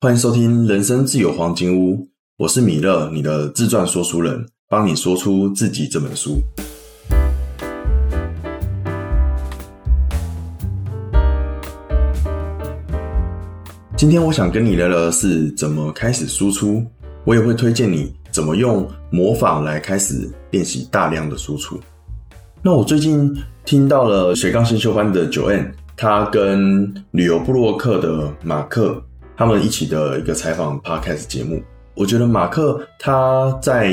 歡迎收聽《人生自有黃金屋》，我是米勒，你的自傳說書人，幫你說出自己這本書。今天我想跟你聊聊的是怎麼開始輸出，我也會推薦你怎麼用模仿來開始練習大量的輸出。那我最近聽到了水缸星修班的九 n 他跟旅遊部落客的馬克。他們一起的一個採訪 Podcast 節目，我覺得馬克他在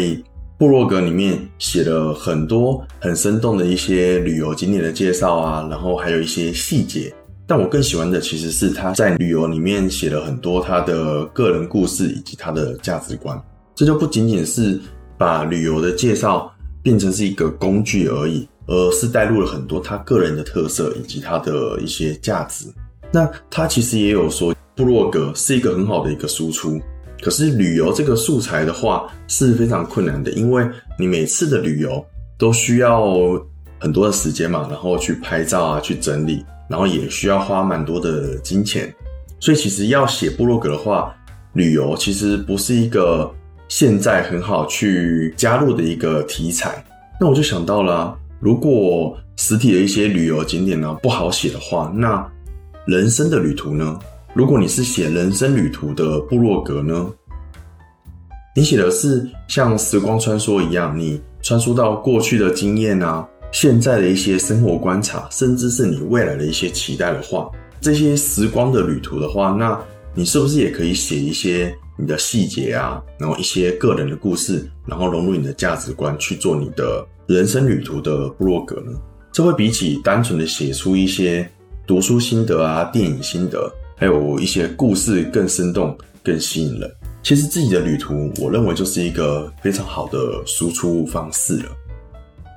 部落格裡面寫了很多很生動的一些旅遊景點的介紹啊，然後還有一些細節。但我更喜歡的其實是他在旅遊裡面寫了很多他的個人故事以及他的價值觀。這就不僅僅是把旅遊的介紹變成是一個工具而已，而是帶入了很多他個人的特色以及他的一些價值。那他其實也有說。部落格是一個很好的一個輸出，可是旅遊這個素材的話是非常困難的，因為你每次的旅遊都需要很多的時間嘛，然後去拍照啊，去整理，然後也需要花蠻多的金錢。所以其實要寫部落格的話，旅遊其實不是一個現在很好去加入的一個題材。那我就想到了啊，如果實體的一些旅遊景點呢啊，不好寫的話，那人生的旅途呢？如果你是寫人生旅途的部落格呢？你寫的是像時光穿梭一樣，你穿梭到過去的經驗啊，現在的一些生活觀察，甚至是你未來的一些期待的話，這些時光的旅途的話，那你是不是也可以寫一些你的細節啊，然後一些個人的故事，然後融入你的價值觀去做你的人生旅途的部落格呢？這會比起單純的寫出一些讀書心得啊、電影心得。還有一些故事更生動、更吸引人。其實自己的旅途，我認為就是一個非常好的輸出方式了。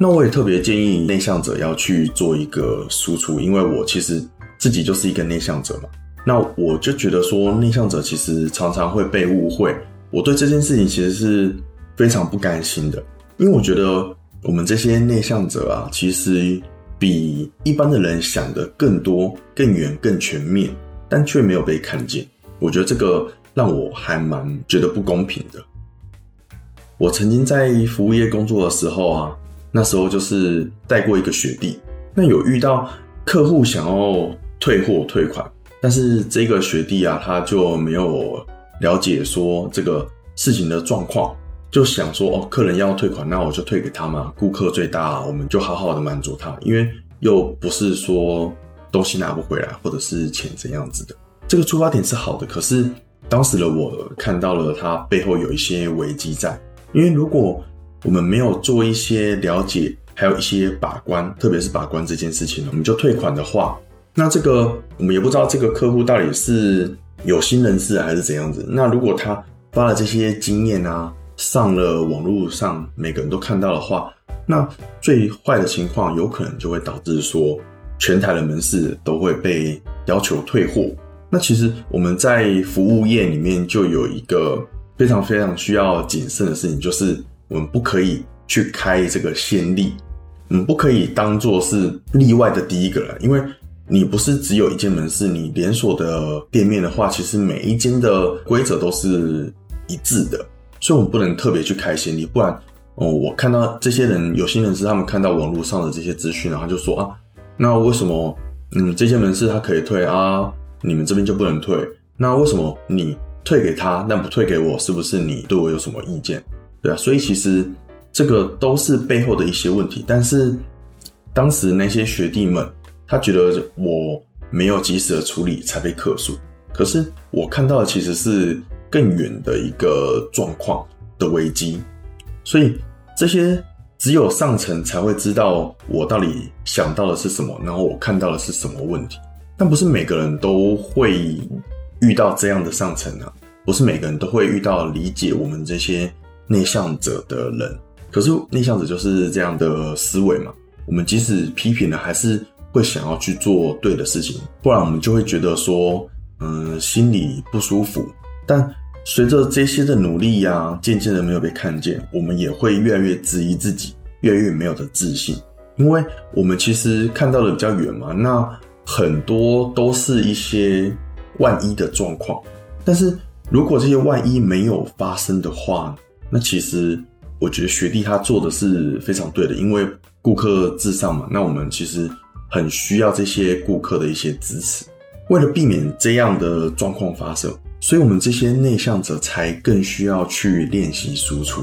那我也特別建議內向者要去做一個輸出，因為我其實自己就是一個內向者嘛。那我就覺得說，內向者其實常常會被誤會。我對這件事情其實是非常不甘心的，因為我覺得我們這些內向者啊，其實比一般的人想的更多、更遠、更全面。但卻沒有被看見，我覺得這個讓我還蠻覺得不公平的。我曾經在服務業工作的時候啊，那時候就是帶過一個學弟，那有遇到客戶想要退貨退款，但是這個學弟啊，他就沒有了解說這個事情的狀況，就想說哦，客人要退款，那我就退給他嘛，顧客最大，我們就好好的滿足他，因為又不是說。東西拿不回來，或者是錢怎樣子的，這個出發點是好的。可是當時的我看到了他背後有一些危機在，因為如果我們沒有做一些了解，還有一些把關，特別是把關這件事情，我們就退款的話，那這個我們也不知道這個客戶到底是有心人士還是怎樣子。那如果他發了這些經驗啊，上了網絡上，每個人都看到的話，那最壞的情況有可能就會導致說。全台的門市都會被要求退貨。那其實我們在服務業裡面就有一個非常非常需要謹慎的事情，就是我們不可以去開這個先例，我們不可以當做是例外的第一個人，因為你不是只有一間門市，你連鎖的店面的話，其實每一間的規則都是一致的，所以我們不能特別去開先例。不然哦，我看到這些人，有些人是他們看到網絡上的這些資訊，然後就說啊。那為什麼，嗯，這些門市他可以退啊，你們這邊就不能退？那為什麼你退給他，但不退給我？是不是你對我有什麼意見？對啊。所以其實這個都是背後的一些問題。但是當時那些學弟們，他覺得我沒有及時的處理才被客訴，可是我看到的其實是更遠的一個狀況的危機。所以這些。只有上層才會知道我到底想到的是什麼，然後我看到的是什麼問題。但不是每個人都會遇到這樣的上層啊，不是每個人都會遇到理解我們這些內向者的人。可是內向者就是這樣的思維嘛，我們即使批評了，還是會想要去做對的事情，不然我們就會覺得說，嗯，心裡不舒服。但隨着這些的努力呀、啊，漸漸的沒有被看見，我們也會越來越質疑自己，越來越沒有的自信。因為我們其實看到的比較遠嘛，那很多都是一些萬一的狀況。但是如果這些萬一沒有發生的話，那其實我覺得學弟他做的是非常對的，因為顧客至上嘛。那我們其實很需要這些顧客的一些支持，為了避免這樣的狀況發生。所以我們這些內向者才更需要去練習輸出。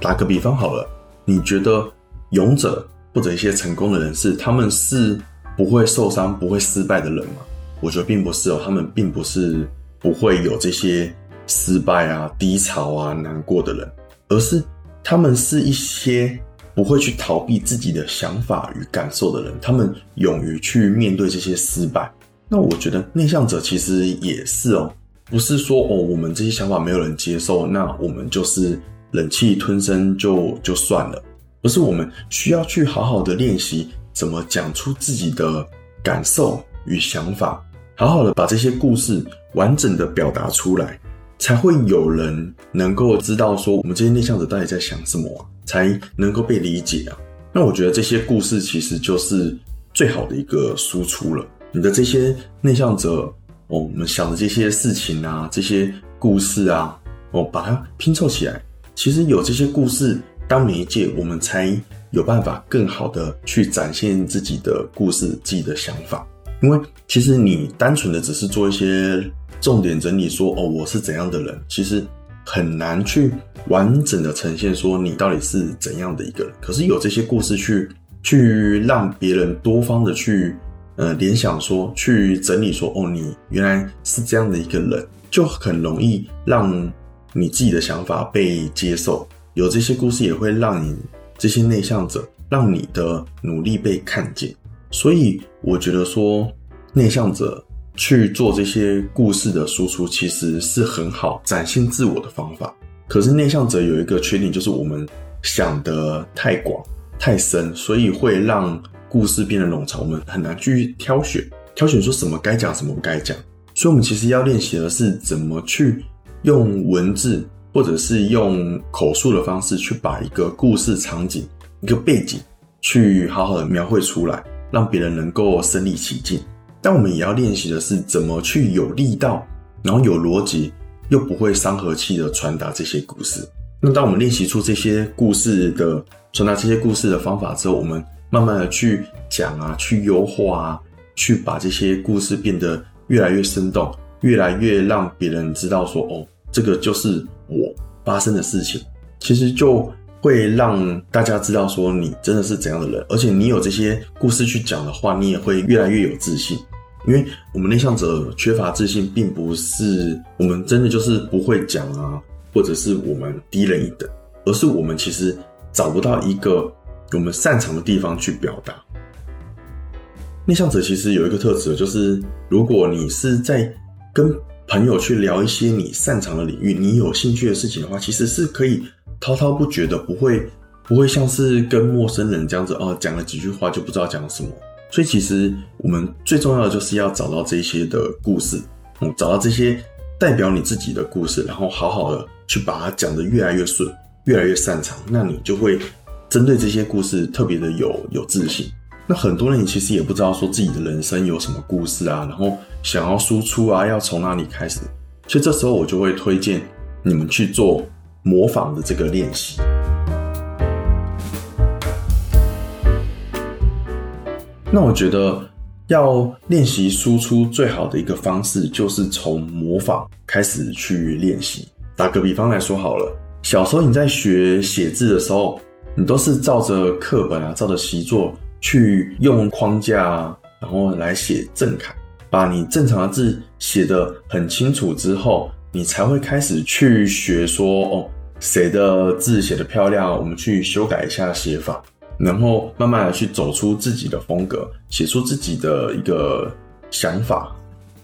打個比方好了，你覺得勇者或者一些成功的人士，他們是不會受傷、不會失敗的人嗎？我覺得並不是哦，他們並不是不會有這些失敗啊、低潮啊、難過的人，而是他們是一些。不會去逃避自己的想法與感受的人，他們勇於去面對這些失敗。那我覺得內向者其實也是哦，不是說哦我們這些想法沒有人接受，那我們就是忍氣吞聲就就算了，而是我們需要去好好的練習怎麼講出自己的感受與想法，好好的把這些故事完整的表達出來，才會有人能夠知道說我們這些內向者到底在想什麼啊。才能夠被理解啊！那我覺得這些故事其實就是最好的一個輸出了。你的這些內向者，哦、我們想的這些事情啊，這些故事啊，哦，把它拼湊起來，其實有這些故事當媒介，我們才有辦法更好的去展現自己的故事、自己的想法。因為其實你單純的只是做一些重點整理，說哦，我是怎樣的人，其實。很難去完整的呈現說你到底是怎樣的一個人，可是有這些故事去去讓別人多方的去呃聯想說，去整理說，哦，你原來是這樣的一個人，就很容易讓你自己的想法被接受。有這些故事也會讓你，這些內向者，讓你的努力被看見。所以我覺得說內向者。去做這些故事的輸出，其實是很好展現自我的方法。可是內向者有一個缺點，就是我們想得太廣、太深，所以會讓故事變得冗長，我們很難去挑選、挑選說什麼該講、什麼不該講。所以，我們其實要練習的是怎麼去用文字，或者是用口述的方式，去把一個故事場景、一個背景，去好好的描繪出來，讓別人能夠身臨其境。但我們也要練習的是怎麼去有力道，然後有邏輯，又不會傷和氣的傳達這些故事。那當我們練習出這些故事的，傳達這些故事的方法之後，我們慢慢的去講啊，去優化啊，去把這些故事變得越來越生動，越來越讓別人知道說，哦，這個就是我發生的事情。其實就會讓大家知道說你真的是怎樣的人，而且你有這些故事去講的話，你也會越來越有自信。因為我們內向者缺乏自信，並不是我們真的就是不會講啊，或者是我們低人一等，而是我們其實找不到一個我們擅長的地方去表達。內向者其實有一個特質，就是如果你是在跟朋友去聊一些你擅長的領域、你有興趣的事情的話，其實是可以滔滔不絕的，不會不會像是跟陌生人這樣子哦，啊，講了幾句話就不知道講了什麼。所以其實我們最重要的就是要找到這些的故事，嗯，找到這些代表你自己的故事，然後好好的去把它講得越來越順，越來越擅長，那你就會針對這些故事特別的有有自信。那很多人其實也不知道說自己的人生有什麼故事啊，然後想要輸出啊，要從哪裡開始？所以這時候我就會推薦你們去做模仿的這個練習。那我覺得要練習輸出最好的一個方式，就是從模仿開始去練習。打個比方來說好了，小時候你在學寫字的時候，你都是照着課本啊，照着習作去用框架啊，然後來寫正楷，把你正常的字寫得很清楚之後，你才會開始去學說哦，誰的字寫得漂亮，我們去修改一下寫法。然後慢慢的去走出自己的風格，寫出自己的一個想法。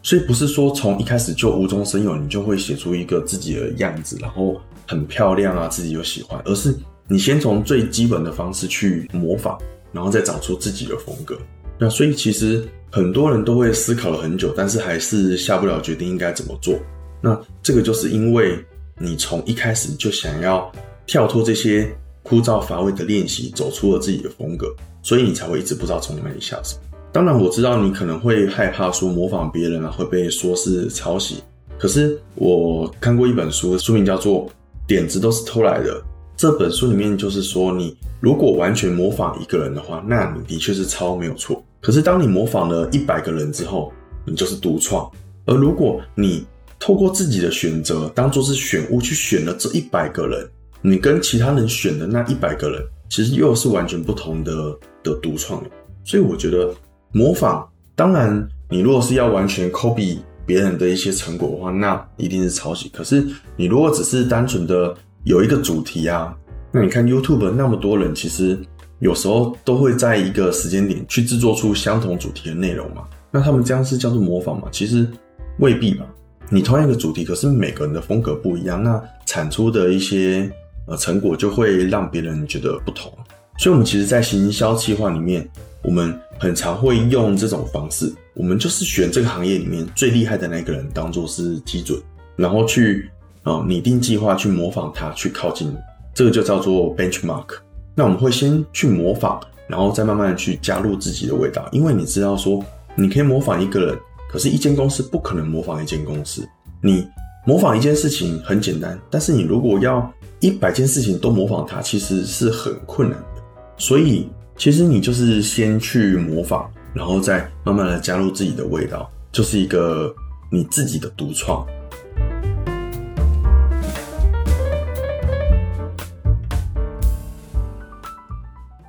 所以不是說從一開始就無中生有，你就會寫出一個自己的樣子，然後很漂亮啊，自己又喜歡，而是你先從最基本的方式去模仿，然後再找出自己的風格。那所以其實很多人都會思考了很久，但是還是下不了決定應該怎麼做。那這個就是因為你從一開始就想要跳脫這些。枯燥乏味的練習，走出了自己的風格，所以你才會一直不知道從哪裡下手。當然，我知道你可能會害怕說模仿別人啊，會被說是抄襲。可是我看過一本書，書名叫做《點子都是偷來的》。這本書裡面就是說，你如果完全模仿一個人的話，那你的確是抄，沒有錯。可是當你模仿了一百個人之後，你就是獨創。而如果你透過自己的選擇，當做是選物去選了這一百個人。你跟其他人選的那一百個人，其實又是完全不同的的獨創。所以我覺得模仿，當然，你如果是要完全 copy 別人的一些成果的話，那一定是抄襲。可是，你如果只是單純的有一個主題啊，那你看 YouTube 那麼多人，其實有時候都會在一個時間點去制作出相同主題的內容嘛。那他們這樣是叫做模仿嘛?其實未必吧。你同一個主題，可是每個人的風格不一樣，那產出的一些，呃，成果就會讓別人覺得不同，所以我們其實，在行銷計劃裡面，我們很常會用這種方式。我們就是選這個行業裡面最厲害的那個人當做是基準，然後去啊擬定計劃，去模仿他，去靠近。這個就叫做 benchmark。那我們會先去模仿，然後再慢慢的去加入自己的味道。因為你知道說，你可以模仿一個人，可是一間公司不可能模仿一間公司。你模仿一件事情很簡單，但是你如果要一百件事情都模仿它，其實是很困難的。所以，其實你就是先去模仿，然後再慢慢的加入自己的味道，就是一個你自己的獨創。嗯。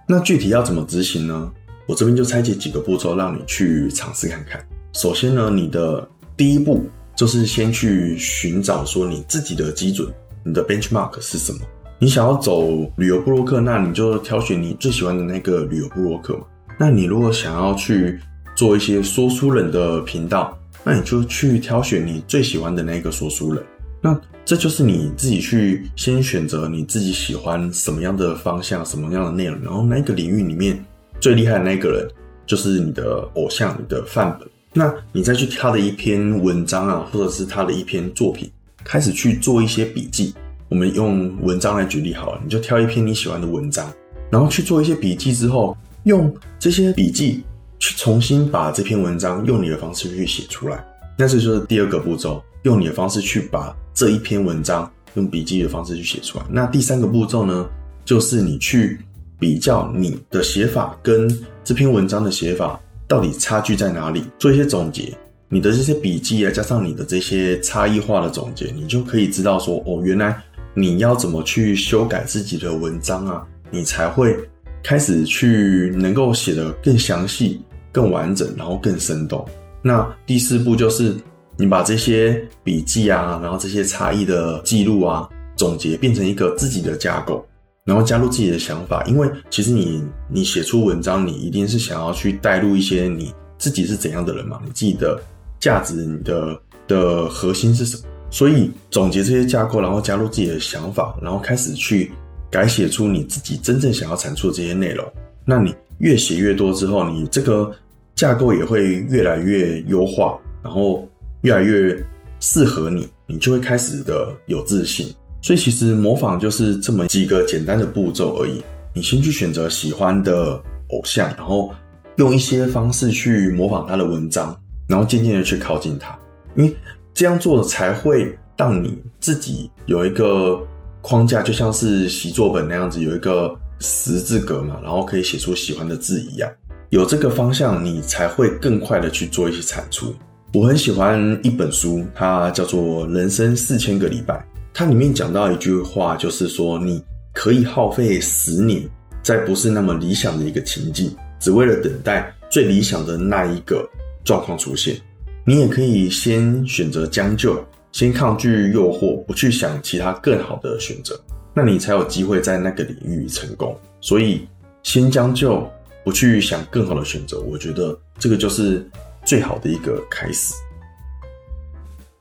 那具體要怎麼執行呢？我這邊就拆解幾個步驟，讓你去嘗試看看。首先呢，你的第一步就是先去尋找說你自己的基準。你的 benchmark 是什麼？你想要走旅遊部落客，那你就挑選你最喜歡的那個旅遊部落客嘛。那你如果想要去做一些說書人的頻道，那你就去挑選你最喜歡的那個說書人。那這就是你自己去先選擇你自己喜歡什麼樣的方向、什麼樣的內容，然後那個領域裡面最厲害的那個人就是你的偶像、你的範本。那你再去挑他的一篇文章啊，或者是他的一篇作品。開始去做一些筆記。我們用文章來舉例好了，你就挑一篇你喜歡的文章，然後去做一些筆記之後，用這些筆記去重新把這篇文章用你的方式去寫出來。那這就是第二個步驟，用你的方式去把這一篇文章用筆記的方式去寫出來。那第三個步驟呢，就是你去比較你的寫法跟這篇文章的寫法到底差距在哪裡，做一些總結。你的這些筆記啊，加上你的這些差異化的總結，你就可以知道說，哦，原來你要怎麼去修改自己的文章啊，你才會開始去能夠寫得更詳細、更完整，然後更生動。那第四步就是你把這些筆記啊，然後這些差異的記錄啊，總結變成一個自己的架構，然後加入自己的想法，因為其實你你寫出文章，你一定是想要去帶入一些你自己是怎樣的人嘛，你記得。價值你的的核心是什麼？所以總結這些架構，然後加入自己的想法，然後開始去改寫出你自己真正想要產出的這些內容。那你越寫越多之後，你這個架構也會越來越優化，然後越來越適合你，你就會開始的有自信。所以其實模仿就是這麼幾個簡單的步驟而已。你先去選擇喜歡的偶像，然後用一些方式去模仿他的文章。然後漸漸的去靠近它，因為這樣做才會讓你自己有一個框架，就像是習作本那樣子，有一個十字格嘛，然後可以寫出喜歡的字一樣。有這個方向，你才會更快的去做一些產出。我很喜歡一本書，它叫做《人生四千個禮拜》，它裡面講到一句話，就是說你可以耗費十年，在不是那麼理想的一個情境，只為了等待最理想的那一個狀況出現，你也可以先選擇將就，先抗拒誘惑，不去想其他更好的選擇，那你才有機會在那個領域成功。所以，先將就，不去想更好的選擇，我覺得這個就是最好的一個開始。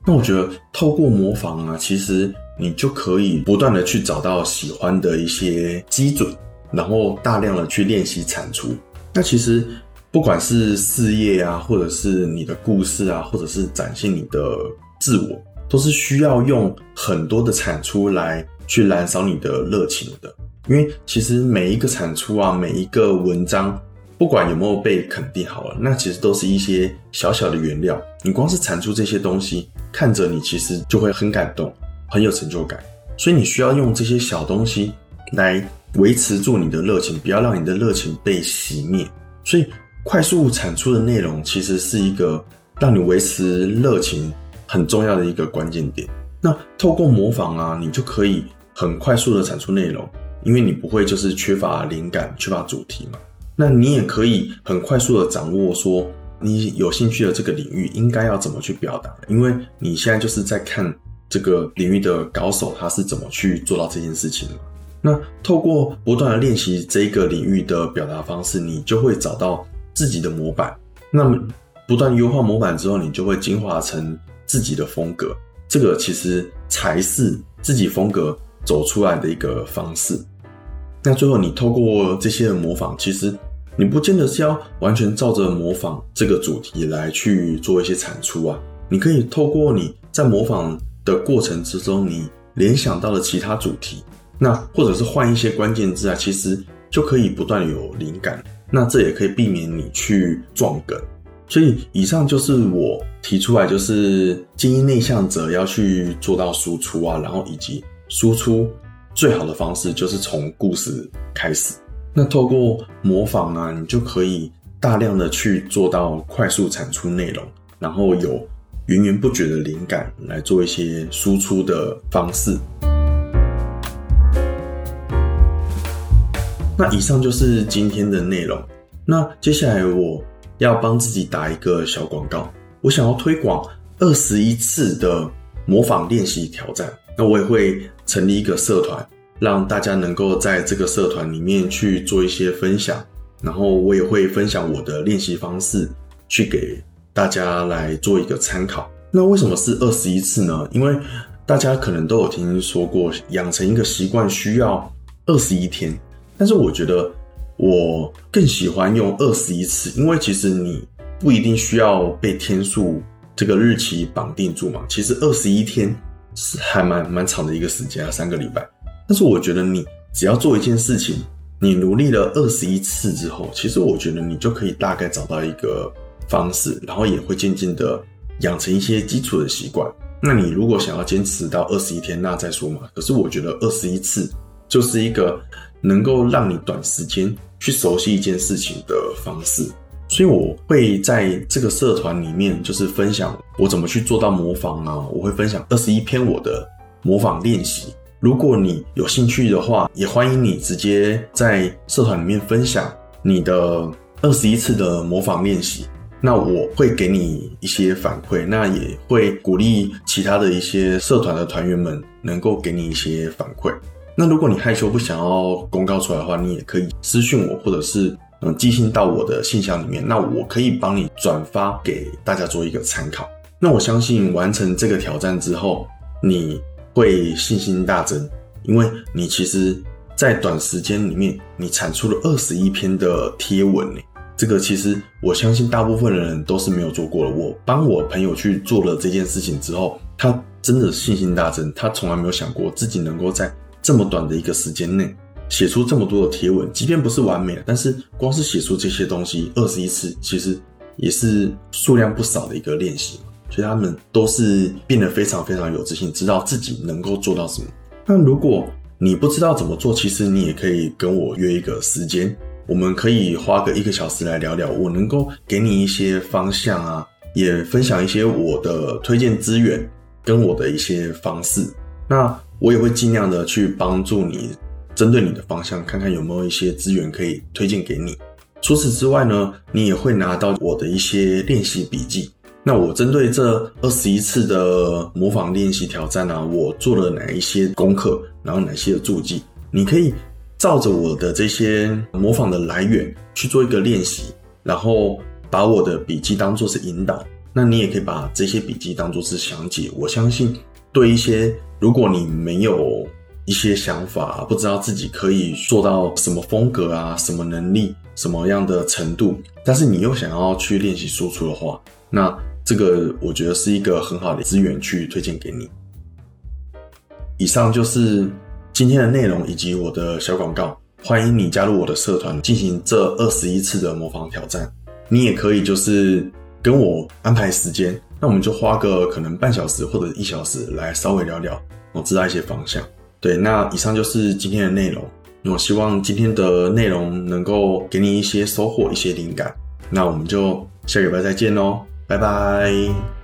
那我覺得透過模仿啊，其實你就可以不斷的去找到喜歡的一些基準，然後大量的去練習產出。那其實。不管是事業啊，或者是你的故事啊，或者是展現你的自我，都是需要用很多的產出來去燃燒你的熱情的。因為其實每一個產出啊，每一個文章，不管有沒有被肯定好了，那其實都是一些小小的原料。你光是產出這些東西，看着你其實就會很感動，很有成就感。所以你需要用這些小東西來維持住你的熱情，不要讓你的熱情被熄滅。所以。快速產出的內容其實是一個讓你維持熱情很重要的一個關鍵點。那透過模仿啊，你就可以很快速地產出內容，因為你不會就是缺乏靈感、缺乏主題嘛。那你也可以很快速地掌握說你有興趣的這個領域應該要怎麼去表達，因為你現在就是在看這個領域的高手他是怎麼去做到這件事情嘛。那透過不斷的練習這個領域的表達方式，你就會找到。自己的模板，那麼不斷優化模板之後，你就會進化成自己的風格。這個其實才是自己風格走出來的一個方式。那最後，你透過這些的模仿，其實你不見得是要完全照着模仿這個主題來去做一些產出啊。你可以透過你在模仿的過程之中，你聯想到了其他主題，那或者是換一些關鍵字啊，其實就可以不斷有靈感。那這也可以避免你去撞梗，所以以上就是我提出來，就是建議內向者要去做到輸出啊，然後以及輸出最好的方式就是從故事開始。那透過模仿啊，你就可以大量的去做到快速產出內容，然後有源源不絕的靈感來做一些輸出的方式。那以上就是今天的內容。那接下來我要幫自己打一個小廣告，我想要推廣二十一次的模仿練習挑戰。那我也會成立一個社團，讓大家能夠在這個社團裡面去做一些分享，然後我也會分享我的練習方式，去給大家來做一個參考。那為什麼是二十一次呢？因為大家可能都有聽說過，養成一個習慣需要二十一天。但是我覺得我更喜歡用二十一次，因為其實你不一定需要被天數這個日期綁定住嘛。其實二十一天是還蠻蠻長的一個時間啊，三個禮拜。但是我覺得你只要做一件事情，你努力了二十一次之後，其實我覺得你就可以大概找到一個方式，然後也會漸漸的養成一些基礎的習慣。那你如果想要堅持到二十一天，那再說嘛。可是我覺得二十一次就是一個能夠讓你短時間去熟悉一件事情的方式，所以我會在這個社團裡面，就是分享我怎麼去做到模仿啊。我會分享二十一篇我的模仿練習。如果你有興趣的話，也歡迎你直接在社團裡面分享你的二十一次的模仿練習。那我會給你一些反饋，那也會鼓勵其他的一些社團的團員們能夠給你一些反饋。那如果你害羞不想要公告出來的話，你也可以私訊我，或者是嗯，寄信到我的信箱裡面，那我可以幫你轉發給大家做一個參考。那我相信完成這個挑戰之後，你會信心大增，因為你其實在短時間裡面你產出了二十一篇的貼文呢，這個其實我相信大部分的人都是沒有做過的。我幫我朋友去做了這件事情之後，他真的信心大增，他從來沒有想過自己能夠在這麼短的一個時間內寫出這麼多的貼文，即便不是完美，但是光是寫出這些東西二十一次，其實也是數量不少的一個練習。所以他們都是變得非常非常有自信，知道自己能夠做到什麼。那如果你不知道怎麼做，其實你也可以跟我約一個時間，我們可以花個一個小時來聊聊，我能夠給你一些方向啊，也分享一些我的推薦資源跟我的一些方式。那。我也會盡量的去幫助你，針對你的方向，看看有沒有一些資源可以推薦給你。除此之外呢，你也會拿到我的一些練習筆記。那我針對這二十一次的模仿練習挑戰呢，啊，我做了哪一些功課，然後哪些的助記，你可以照着我的這些模仿的來源去做一個練習，然後把我的筆記當做是引導。那你也可以把這些筆記當做是詳解。我相信。對一些，如果你沒有一些想法，不知道自己可以做到什麼風格啊、什麼能力、什麼樣的程度，但是你又想要去練習輸出的話，那這個我覺得是一個很好的資源去推薦給你。以上就是今天的內容以及我的小廣告，歡迎你加入我的社團進行這21次的模仿挑戰，你也可以就是。跟我安排時間，那我們就花個可能半小時或者一小時來稍微聊聊，我知道一些方向。對，那以上就是今天的內容。那我希望今天的內容能夠給你一些收穫，一些靈感。那我們就下個禮拜再見嘍，拜拜。